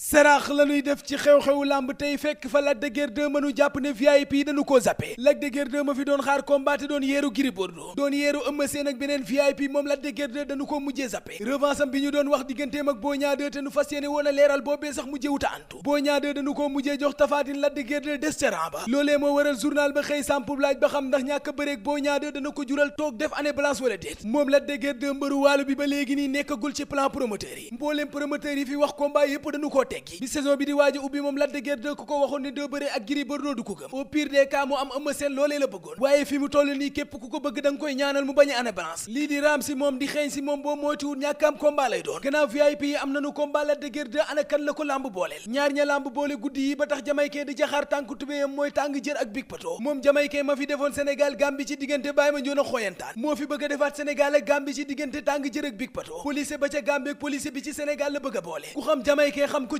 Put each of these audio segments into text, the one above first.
seraax la ñuy def ci xew-xewu làmb tey fekk fa Lac de Guiers 2 mënu jàpp ne VIP yi dañu ko zappé Lac de Guiers 2 doon xaar combat te doon yeeru Gris Bordeaux doon moom Lac de Guiers 2 dañu ko mujjee zappé revanche bi ñu doon wax digganteem ak Boy Niang 2 te nu fas yéene woon a leeral boobee sax mujjee ko mujjee jox Tapha Tine Lac de Guiers 2 des terrain ba loolee moo waral journal ba xëy samp xam ndax ñàkk a bëreeg Boy Niang jural toog def année blanche waalo bi ba léegi nii nekkagul ci plan promoteur yi mbooleem promoteur yi fi wax combat yépp dañu ko teggi bi saison bi di waaj a ubbi moom Lac de Guiers 2 ku ko waxoon ne doo bëre ak Gris Bordeaux du ko gëm au pire des cas mu am Eumeu Sène loolee la bëggoon waaye fi mu toll nii képp ku ko bëgg da koy ñaanal mu bañ a ane balance lii di raam si moom di xeeñ si moom boo moytuwul ñàkkaam combat lay doon gannaaw VIP yi am nañu combat Lac de Guiers 2 la ko lamb booleel ñaar ña lamb boole guddi yi ba tax jamaykee di jaxaar tànk tubéyam mooy tàng jër ak Big Pato moom jamaykee ma fi defoon Sénégal diggante bàyyi ma njoon a xooyantaan moo fi a defaat Sénégal ak Gambie ci diggante tàng jër ak Big Pato police ba ca Gambie ak police bi ci Sénégal a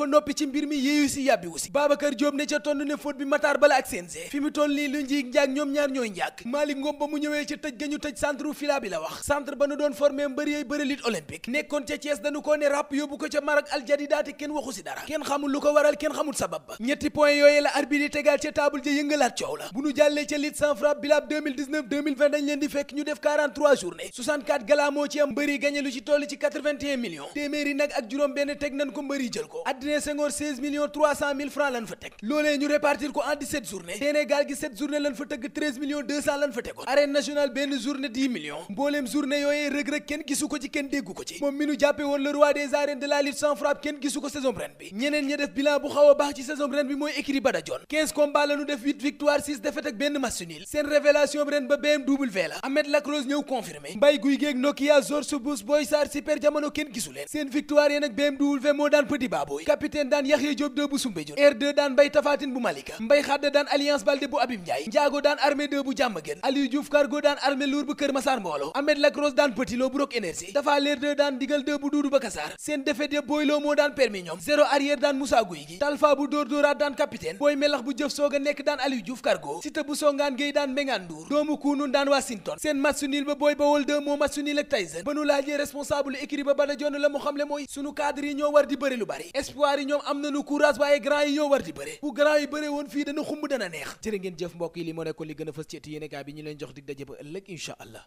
dafa noppi ci mbir mi yéeyu si yàbbiwu si Babacar Diop ne ca tonn ne fóot bi mu toll nii lu njiig ñaar ñooy njaag Malick Ngom ba mu ñëwee ca tëj ga ñu tëj la wax centre ba nu doon formé mbër yooyu bëri lutte olympique nekkoon ca Thiès dañu ko ne ràpp yóbbu ko ca Maroc Al Jadida kenn waxu si dara kenn xamul lu ko waral kenn xamul sabab ba ñetti point yooyu la arbitre yi tegaal ca table ja yëngalaat coow la bu ñu jàllee ca lutte sans frappe bilaab 2019 2020 dañ leen di fekk ñu def journée 64 gala moo ci am mbëri gañe lu ci toll ci millions téeméeri nag ak juróom benn teg nañ ko mbëri jël ko Adrien Senghor 16 millions 300 mille francs lan fa teg loolee ñu répartir ko en 17 journées Sénégal gi 7 journées lan fa tëgg 13 millions 200 lan fa tegoon arène nationale benn journée 10 millions mbooleem journée yooyee rëg kenn gisu ko ci kenn déggu ko ci moom mi nu jàppe woon le roi des arènes de la lutte sans frappe kenn gisu ko saison ren bi ñeneen ña def bilan bu xaw baax ci saison ren bi mooy écurie Bada Dione 15 combats def 8 capitaine daan Yaxya Jóob 2 bu Soumbédioune R2 daan Mbay Tafatine bu Malika Mbay Xadda daan Alliance Baldé bu Abib Ndiaye Njaago daan Armée 2 bu Jàmmagën Aliou Diouf Cargo daan Armée Lourd bu Kër Massar Mbooloo Ahmed Lacrosse daan Petit bu Rock Énergie Tafa Leer 2 daan Digal 2 bu Duudu Bakasaar seen defet ya Boy Lo moo daan permis ñoom zéro arrière daan Moussa Guy gi Talfa bu Dóor Dóoraat daan capitaine Boy Melax bu Jëf Sooga nekk daan Aliou Diouf Cargo jàmbaar yi am nañu courage waaye grand yi ñoo war di bëre bu grand yi bëre woon fii dana xumb dana neex jërë ngeen jëf mbokk yi li moo nekkoon li gën a fës ci ëtt yéenekaay bi ñu leen jox dig daje ba ëllëg incha allah